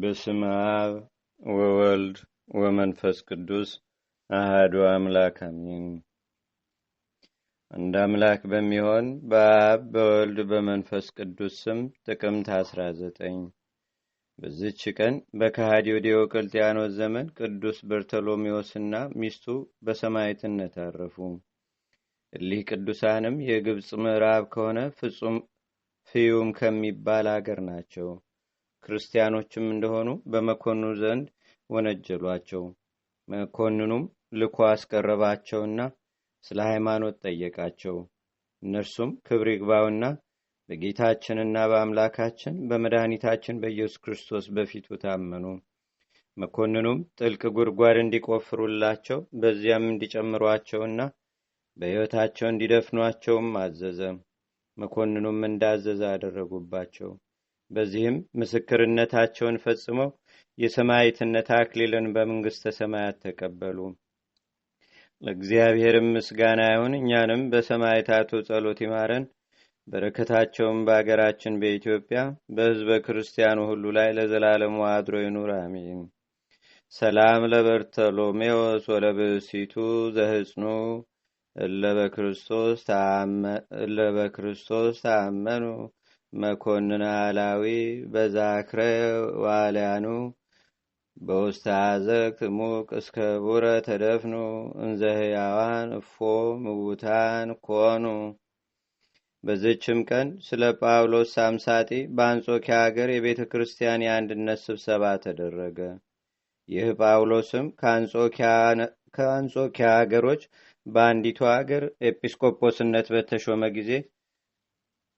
በስም አብ ወወልድ ወመንፈስ ቅዱስ አህዱ አምላክ አሚን። አንድ አምላክ በሚሆን በአብ በወልድ በመንፈስ ቅዱስ ስም ጥቅምት 19 በዚች ቀን በከሃዲው ዲዮቅልጥያኖስ ዘመን ቅዱስ በርቶሎሜዎስና ሚስቱ በሰማዕትነት አረፉ። እሊህ ቅዱሳንም የግብፅ ምዕራብ ከሆነ ፍጹም ፍዩም ከሚባል አገር ናቸው። ክርስቲያኖችም እንደሆኑ በመኮንኑ ዘንድ ወነጀሏቸው። መኮንኑም ልኮ አስቀረባቸውና ስለ ሃይማኖት ጠየቃቸው። እነርሱም ክብር ይግባውና በጌታችንና በአምላካችን በመድኃኒታችን በኢየሱስ ክርስቶስ በፊቱ ታመኑ። መኮንኑም ጥልቅ ጉድጓድ እንዲቆፍሩላቸው በዚያም እንዲጨምሯቸውና በሕይወታቸው እንዲደፍኗቸውም አዘዘ። መኮንኑም እንዳዘዘ አደረጉባቸው። በዚህም ምስክርነታቸውን ፈጽመው የሰማይትነት አክሊልን በመንግሥተ ሰማያት ተቀበሉ። ለእግዚአብሔርም ምስጋና ይሁን። እኛንም በሰማይታቱ ጸሎት ይማረን። በረከታቸውም በአገራችን በኢትዮጵያ በሕዝበ ክርስቲያኑ ሁሉ ላይ ለዘላለሙ አድሮ ይኑር፣ አሜን። ሰላም ለበርተሎሜዎስ ወለብሲቱ ዘህጽኑ እለ በክርስቶስ ተአመኑ መኮንን አላዊ በዛክረ ዋልያኑ በውስተ አዘቅት ሙቅ እስከ ቡረ ተደፍኑ እንዘህያዋን እፎ ምውታን ኮኑ። በዝችም ቀን ስለ ጳውሎስ ሳምሳጢ በአንጾኪያ አገር የቤተ ክርስቲያን የአንድነት ስብሰባ ተደረገ። ይህ ጳውሎስም ከአንጾኪያ አገሮች በአንዲቱ አገር ኤጲስቆጶስነት በተሾመ ጊዜ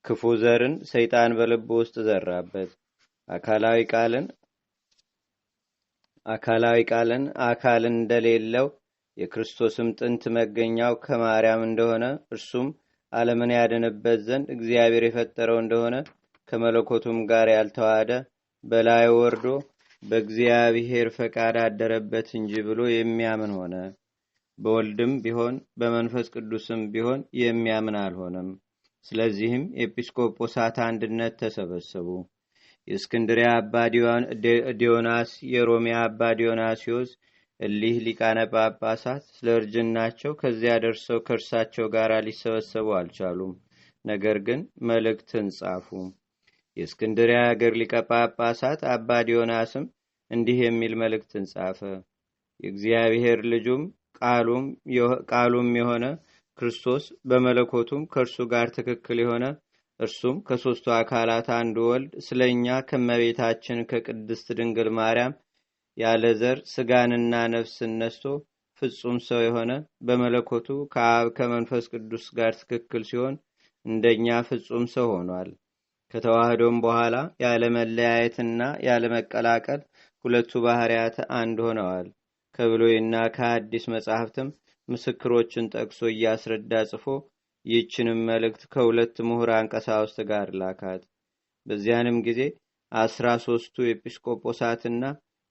ክፉ ዘርን ሰይጣን በልቡ ውስጥ ዘራበት። አካላዊ ቃልን አካላዊ ቃልን አካል እንደሌለው የክርስቶስም ጥንት መገኛው ከማርያም እንደሆነ እርሱም ዓለምን ያድንበት ዘንድ እግዚአብሔር የፈጠረው እንደሆነ ከመለኮቱም ጋር ያልተዋሃደ በላይ ወርዶ በእግዚአብሔር ፈቃድ አደረበት እንጂ ብሎ የሚያምን ሆነ። በወልድም ቢሆን በመንፈስ ቅዱስም ቢሆን የሚያምን አልሆነም። ስለዚህም ኤጲስቆጶሳት አንድነት ተሰበሰቡ። የእስክንድሪያ አባ ዲዮናስ፣ የሮሚያ አባ ዲዮናስዮስ እሊህ ሊቃነ ጳጳሳት ስለ እርጅናቸው ከዚያ ደርሰው ከእርሳቸው ጋር ሊሰበሰቡ አልቻሉም። ነገር ግን መልእክትን ጻፉ። የእስክንድሪያ አገር ሊቀ ጳጳሳት አባ ዲዮናስም እንዲህ የሚል መልእክትን ጻፈ። የእግዚአብሔር ልጁም ቃሉም የሆነ ክርስቶስ በመለኮቱም ከእርሱ ጋር ትክክል የሆነ እርሱም ከሦስቱ አካላት አንዱ ወልድ ስለ እኛ ከመቤታችን ከቅድስት ድንግል ማርያም ያለ ዘር ስጋንና ነፍስን ነስቶ ፍጹም ሰው የሆነ በመለኮቱ ከአብ ከመንፈስ ቅዱስ ጋር ትክክል ሲሆን እንደኛ ፍጹም ሰው ሆኗል። ከተዋህዶም በኋላ ያለ ያለመቀላቀል ያለ መቀላቀል ሁለቱ ባህርያት አንድ ሆነዋል። ከብሎይና ከአዲስ መጻሕፍትም ምስክሮችን ጠቅሶ እያስረዳ ጽፎ ይህችንም መልእክት ከሁለት ምሁራን ቀሳውስት ጋር ላካት። በዚያንም ጊዜ አስራ ሦስቱ ኤጲስቆጶሳትና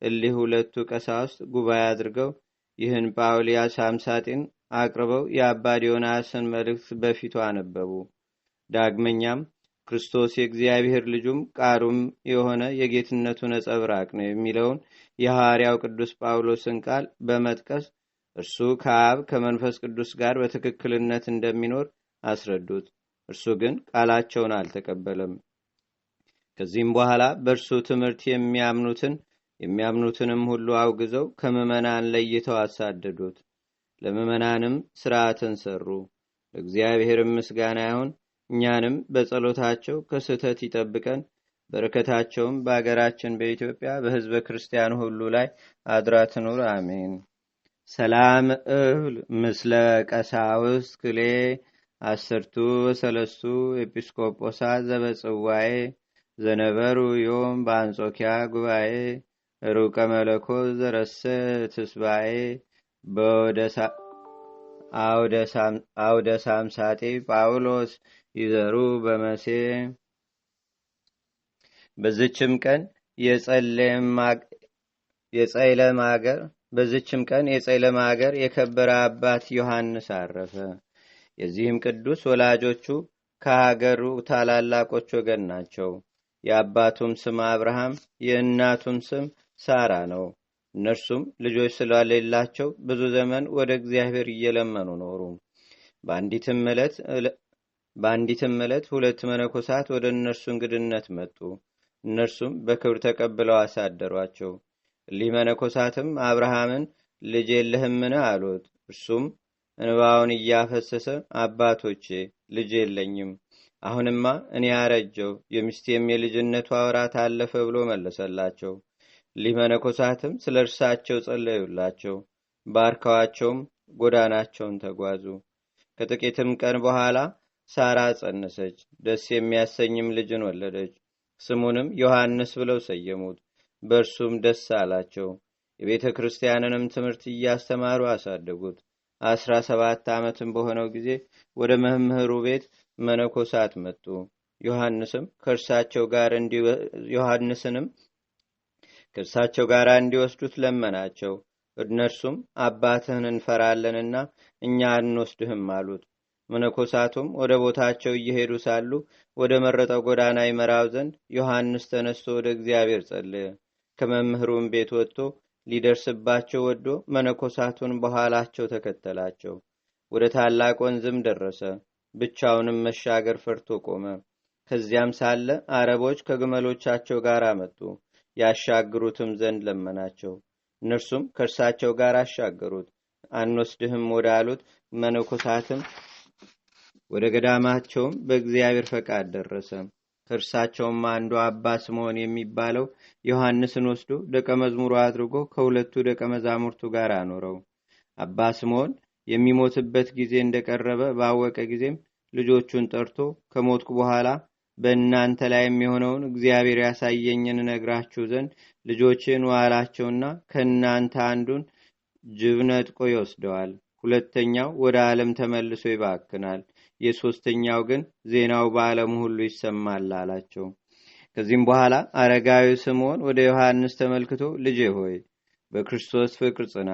እሊህ ሁለቱ ቀሳውስት ጉባኤ አድርገው ይህን ጳውሊያስ አምሳጢን አቅርበው የአባ ዲዮናስን መልእክት በፊቱ አነበቡ። ዳግመኛም ክርስቶስ የእግዚአብሔር ልጁም ቃሉም የሆነ የጌትነቱ ነጸብራቅ ነው የሚለውን የሐዋርያው ቅዱስ ጳውሎስን ቃል በመጥቀስ እርሱ ከአብ ከመንፈስ ቅዱስ ጋር በትክክልነት እንደሚኖር አስረዱት። እርሱ ግን ቃላቸውን አልተቀበለም። ከዚህም በኋላ በእርሱ ትምህርት የሚያምኑትን የሚያምኑትንም ሁሉ አውግዘው ከምዕመናን ለይተው አሳደዱት። ለምዕመናንም ስርዓትን ሰሩ። ለእግዚአብሔርም ምስጋና ይሁን። እኛንም በጸሎታቸው ከስህተት ይጠብቀን። በረከታቸውም በአገራችን በኢትዮጵያ በህዝበ ክርስቲያን ሁሉ ላይ አድራ ትኑር። አሜን። ሰላም እህል ምስለ ቀሳውስ ክሌ አስርቱ ሰለስቱ ኤጲስቆጶሳ ዘበጽዋዬ ዘነበሩ ዮም በአንጾኪያ ጉባኤ ሩቀ መለኮ ዘረሰ ትስባኤ በአውደ ሳምሳጤ ጳውሎስ ይዘሩ በመሴ በዝችም ቀን የጸይለም አገር በዝችም ቀን የጸይለም አገር የከበረ አባት ዮሐንስ አረፈ። የዚህም ቅዱስ ወላጆቹ ከሀገሩ ታላላቆች ወገን ናቸው። የአባቱም ስም አብርሃም የእናቱም ስም ሳራ ነው። እነርሱም ልጆች ስለሌላቸው ብዙ ዘመን ወደ እግዚአብሔር እየለመኑ ኖሩ። በአንዲትም ዕለት በአንዲትም ዕለት ሁለት መነኮሳት ወደ እነርሱ እንግድነት መጡ። እነርሱም በክብር ተቀብለው አሳደሯቸው። እሊህ መነኮሳትም አብርሃምን ልጅ የለህምን አሉት። እርሱም እንባውን እያፈሰሰ አባቶቼ ልጅ የለኝም፣ አሁንማ እኔ ያረጀው የሚስቴም የልጅነቱ አውራት አለፈ ብሎ መለሰላቸው። እሊህ መነኮሳትም ስለ እርሳቸው ጸለዩላቸው፣ ባርከዋቸውም ጎዳናቸውን ተጓዙ። ከጥቂትም ቀን በኋላ ሳራ ጸነሰች፣ ደስ የሚያሰኝም ልጅን ወለደች። ስሙንም ዮሐንስ ብለው ሰየሙት። በእርሱም ደስ አላቸው። የቤተ ክርስቲያንንም ትምህርት እያስተማሩ አሳደጉት። አስራ ሰባት ዓመትም በሆነው ጊዜ ወደ መምህሩ ቤት መነኮሳት መጡ። ዮሐንስም ከእርሳቸው ጋር ዮሐንስንም ከእርሳቸው ጋር እንዲወስዱት ለመናቸው። እነርሱም አባትህን እንፈራለንና እኛ አንወስድህም አሉት። መነኮሳቱም ወደ ቦታቸው እየሄዱ ሳሉ ወደ መረጠው ጎዳና ይመራው ዘንድ ዮሐንስ ተነስቶ ወደ እግዚአብሔር ጸለየ። ከመምህሩም ቤት ወጥቶ ሊደርስባቸው ወዶ መነኮሳቱን በኋላቸው ተከተላቸው። ወደ ታላቅ ወንዝም ደረሰ። ብቻውንም መሻገር ፈርቶ ቆመ። ከዚያም ሳለ አረቦች ከግመሎቻቸው ጋር አመጡ፣ ያሻግሩትም ዘንድ ለመናቸው። እነርሱም ከእርሳቸው ጋር አሻገሩት። አንወስድህም ወዳሉት መነኮሳትም ወደ ገዳማቸውም በእግዚአብሔር ፈቃድ ደረሰ። ከእርሳቸውም አንዱ አባ ስምዖን የሚባለው ዮሐንስን ወስዶ ደቀ መዝሙሩ አድርጎ ከሁለቱ ደቀ መዛሙርቱ ጋር አኖረው። አባ ስምዖን የሚሞትበት ጊዜ እንደቀረበ ባወቀ ጊዜም ልጆቹን ጠርቶ ከሞትኩ በኋላ በእናንተ ላይ የሚሆነውን እግዚአብሔር ያሳየኝን ነግራችሁ ዘንድ ልጆችን ዋላቸውና ከእናንተ አንዱን ጅብ ነጥቆ ይወስደዋል ሁለተኛው ወደ ዓለም ተመልሶ ይባክናል፣ የሦስተኛው ግን ዜናው በዓለም ሁሉ ይሰማል አላቸው። ከዚህም በኋላ አረጋዊ ስምዖን ወደ ዮሐንስ ተመልክቶ ልጄ ሆይ በክርስቶስ ፍቅር ጽና፣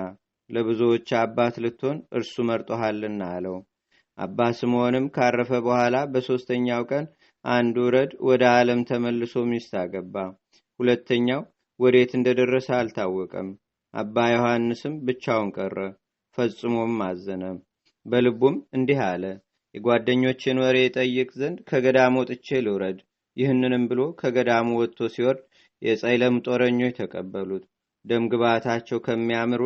ለብዙዎች አባት ልትሆን እርሱ መርጦሃልና አለው። አባ ስምዖንም ካረፈ በኋላ በሦስተኛው ቀን አንዱ ረድ ወደ ዓለም ተመልሶ ሚስት አገባ። ሁለተኛው ወዴት እንደደረሰ አልታወቀም። አባ ዮሐንስም ብቻውን ቀረ። ፈጽሞም አዘነ። በልቡም እንዲህ አለ፣ የጓደኞችን ወሬ ጠይቅ ዘንድ ከገዳሙ ወጥቼ ልውረድ። ይህንንም ብሎ ከገዳሙ ወጥቶ ሲወርድ የጸይለም ጦረኞች ተቀበሉት። ደምግባታቸው ከሚያምሩ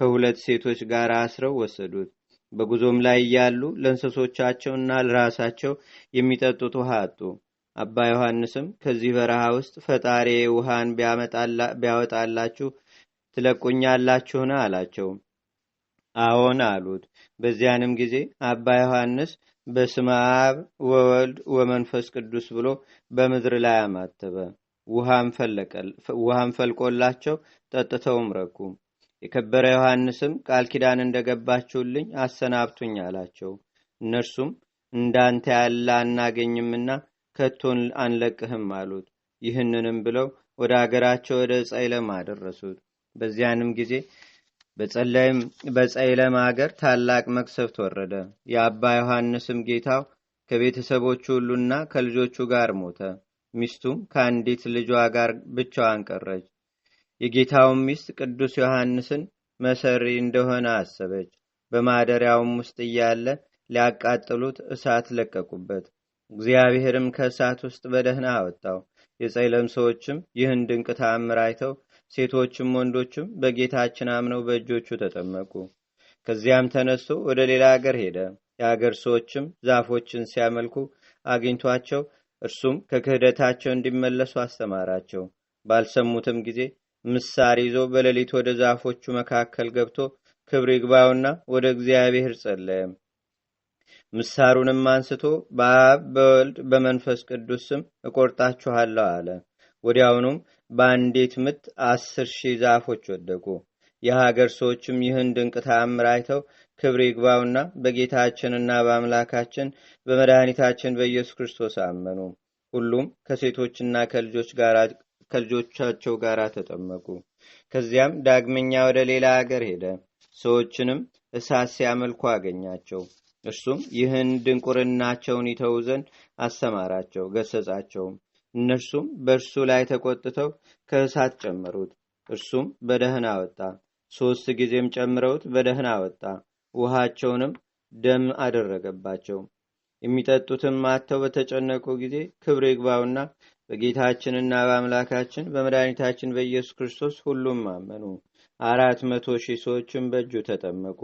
ከሁለት ሴቶች ጋር አስረው ወሰዱት። በጉዞም ላይ እያሉ ለእንስሶቻቸውና ለራሳቸው የሚጠጡት ውሃ አጡ። አባ ዮሐንስም ከዚህ በረሃ ውስጥ ፈጣሪ ውሃን ቢያወጣላችሁ ትለቁኛላችሁን? አላቸው። አዎን አሉት። በዚያንም ጊዜ አባ ዮሐንስ በስመ አብ ወወልድ ወመንፈስ ቅዱስ ብሎ በምድር ላይ አማተበ። ውሃም ፈልቆላቸው ጠጥተውም ረኩ። የከበረ ዮሐንስም ቃል ኪዳን እንደገባችሁልኝ አሰናብቱኝ አላቸው። እነርሱም እንዳንተ ያለ አናገኝምና ከቶን አንለቅህም አሉት። ይህንንም ብለው ወደ አገራቸው ወደ ጸይለም አደረሱት። በዚያንም ጊዜ በጸይለም አገር ታላቅ መቅሰፍት ወረደ። የአባ ዮሐንስም ጌታው ከቤተሰቦቹ ሁሉና ከልጆቹ ጋር ሞተ። ሚስቱም ከአንዲት ልጇ ጋር ብቻዋን ቀረች። የጌታውን ሚስት ቅዱስ ዮሐንስን መሰሪ እንደሆነ አሰበች። በማደሪያውም ውስጥ እያለ ሊያቃጥሉት እሳት ለቀቁበት። እግዚአብሔርም ከእሳት ውስጥ በደህና አወጣው። የጸይለም ሰዎችም ይህን ድንቅ ተአምር አይተው ሴቶችም ወንዶችም በጌታችን አምነው በእጆቹ ተጠመቁ። ከዚያም ተነስቶ ወደ ሌላ አገር ሄደ። የአገር ሰዎችም ዛፎችን ሲያመልኩ አግኝቷቸው እርሱም ከክህደታቸው እንዲመለሱ አስተማራቸው። ባልሰሙትም ጊዜ ምሳር ይዞ በሌሊት ወደ ዛፎቹ መካከል ገብቶ ክብር ይግባውና ወደ እግዚአብሔር ጸለየ። ምሳሩንም አንስቶ በአብ በወልድ በመንፈስ ቅዱስ ስም እቆርጣችኋለሁ አለ። ወዲያውኑም በአንዲት ምት አስር ሺህ ዛፎች ወደቁ። የሀገር ሰዎችም ይህን ድንቅ ተአምር አይተው ክብር ይግባውና በጌታችንና በአምላካችን በመድኃኒታችን በኢየሱስ ክርስቶስ አመኑ። ሁሉም ከሴቶችና ከልጆቻቸው ጋር ተጠመቁ። ከዚያም ዳግመኛ ወደ ሌላ አገር ሄደ። ሰዎችንም እሳት ሲያመልኩ አገኛቸው። እርሱም ይህን ድንቁርናቸውን ይተው ዘንድ አሰማራቸው፣ ገሰጻቸውም። እነርሱም በእርሱ ላይ ተቆጥተው ከእሳት ጨመሩት። እርሱም በደህና ወጣ። ሦስት ጊዜም ጨምረውት በደህና ወጣ። ውሃቸውንም ደም አደረገባቸው። የሚጠጡትም ማተው በተጨነቁ ጊዜ ክብር ይግባውና በጌታችንና በአምላካችን በመድኃኒታችን በኢየሱስ ክርስቶስ ሁሉም አመኑ። አራት መቶ ሺህ ሰዎችም በእጁ ተጠመቁ።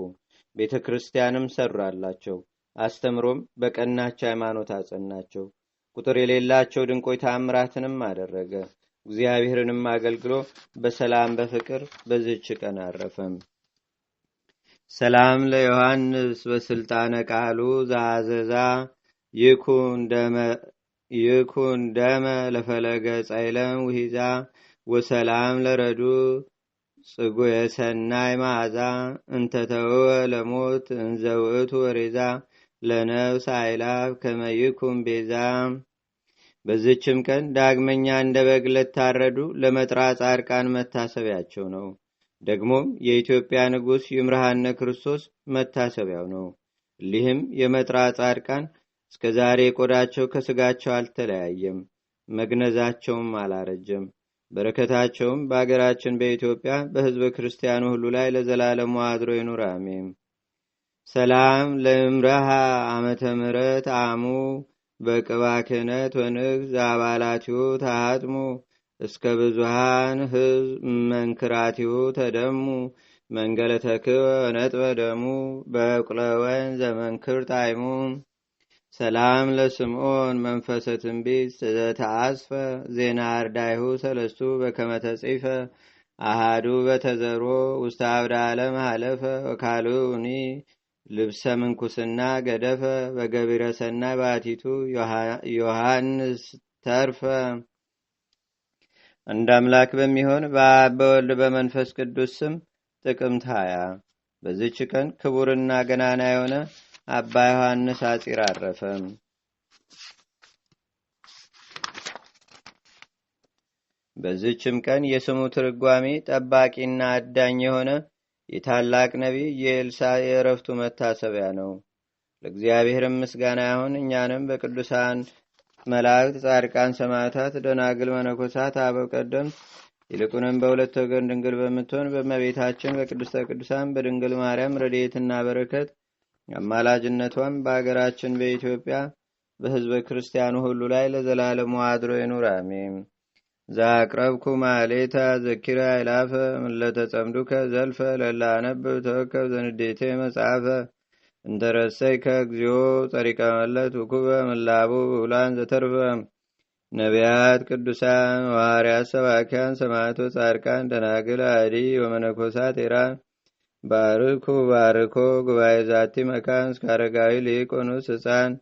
ቤተ ክርስቲያንም ሰራላቸው። አስተምሮም በቀናች ሃይማኖት አጸናቸው። ቁጥር የሌላቸው ድንቆይ ታምራትንም አደረገ። እግዚአብሔርንም አገልግሎ በሰላም በፍቅር በዝች ቀን አረፈም። ሰላም ለዮሐንስ በስልጣነ ቃሉ ዛዘዛ ይኩን ደመ ለፈለገ ጸይለም ውሂዛ ወሰላም ለረዱ ጽጉ የሰናይ ማዛ እንተተወ ለሞት እንዘውእቱ ወሬዛ ለነፍስ አይላፍ ከመይኩም ቤዛ በዝችም ቀን ዳግመኛ እንደ በግ ለታረዱ ለመጥራ ጻድቃን መታሰቢያቸው ነው። ደግሞም የኢትዮጵያ ንጉሥ ይምርሃነ ክርስቶስ መታሰቢያው ነው። ሊህም የመጥራ ጻድቃን እስከ ዛሬ ቆዳቸው ከስጋቸው አልተለያየም፣ መግነዛቸውም አላረጀም። በረከታቸውም በአገራችን በኢትዮጵያ በህዝበ ክርስቲያኑ ሁሉ ላይ ለዘላለሙ አድሮ ይኑር አሜም ሰላም ለእምረሃ አመተ ምረት አሙ በቅባ ክህነት ወንግዝ አባላቲሁ እስከ ብዙሃን ህዝብ መንክራቲሁ ተደሙ መንገለ ተክወ ነጥበ ደሙ በቁለወን ዘመንክር ጣይሙ ሰላም ለስምዖን መንፈሰ ትንቢት ዘተአስፈ ዜና አርዳይሁ ሰለስቱ በከመተጺፈ አሃዱ በተዘሮ ውስተ አብደ ዓለም ሃለፈ ወካልኡኒ ልብሰ ምንኩስና ገደፈ በገቢረ ሰናይ ባቲቱ ዮሐንስ ተርፈ እንደ አምላክ በሚሆን በአብ በወልድ በመንፈስ ቅዱስ ስም ጥቅምት ሀያ በዚች ቀን ክቡርና ገናና የሆነ አባ ዮሐንስ አጺር አረፈ። በዚችም ቀን የስሙ ትርጓሜ ጠባቂና አዳኝ የሆነ የታላቅ ነቢይ የኤልሳዕ የእረፍቱ መታሰቢያ ነው። ለእግዚአብሔርም ምስጋና ይሁን። እኛንም በቅዱሳን መላእክት፣ ጻድቃን፣ ሰማዕታት፣ ደናግል፣ መነኮሳት፣ አበው ቀደም ይልቁንም በሁለት ወገን ድንግል በምትሆን በእመቤታችን በቅድስተ ቅዱሳን በድንግል ማርያም ረድኤትና በረከት አማላጅነቷም በአገራችን በኢትዮጵያ በሕዝበ ክርስቲያኑ ሁሉ ላይ ለዘላለሙ አድሮ ይኑር አሜን። ዛቅረብኩ ማሌታ ዘኪራ ይላፈ ምለተጸምዱከ ዘልፈ ለላነብብ ተወከብ ዘንዴቴ መጽሐፈ እንተረሰይከ እግዚኦ ጸሪቀ መለት ውኩበ ምላቡ ብውላን ዘተርፈ ነቢያት ቅዱሳን ዋርያት ሰባኪያን ሰማቶ ጻድቃን ደናግል አዲ ወመነኮሳት ኢራን ባርኩ ባርኮ ጉባኤ ዛቲ መካን እስካረጋዊ ሊቆኑስ ህፃን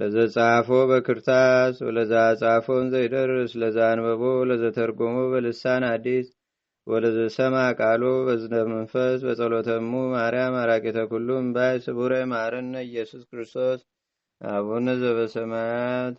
ለዘጻፎ በክርታስ ወለዛ ጻፎን ዘይደርስ ለዛ አንበቦ ለዘተርጎሞ በልሳን አዲስ ወለዘሰማ ቃሎ በዝነ መንፈስ በጸሎተሙ ማርያም አራቂተ ኩሉም ባይ ስቡረ ማርነ ኢየሱስ ክርስቶስ አቡነ ዘበሰማያት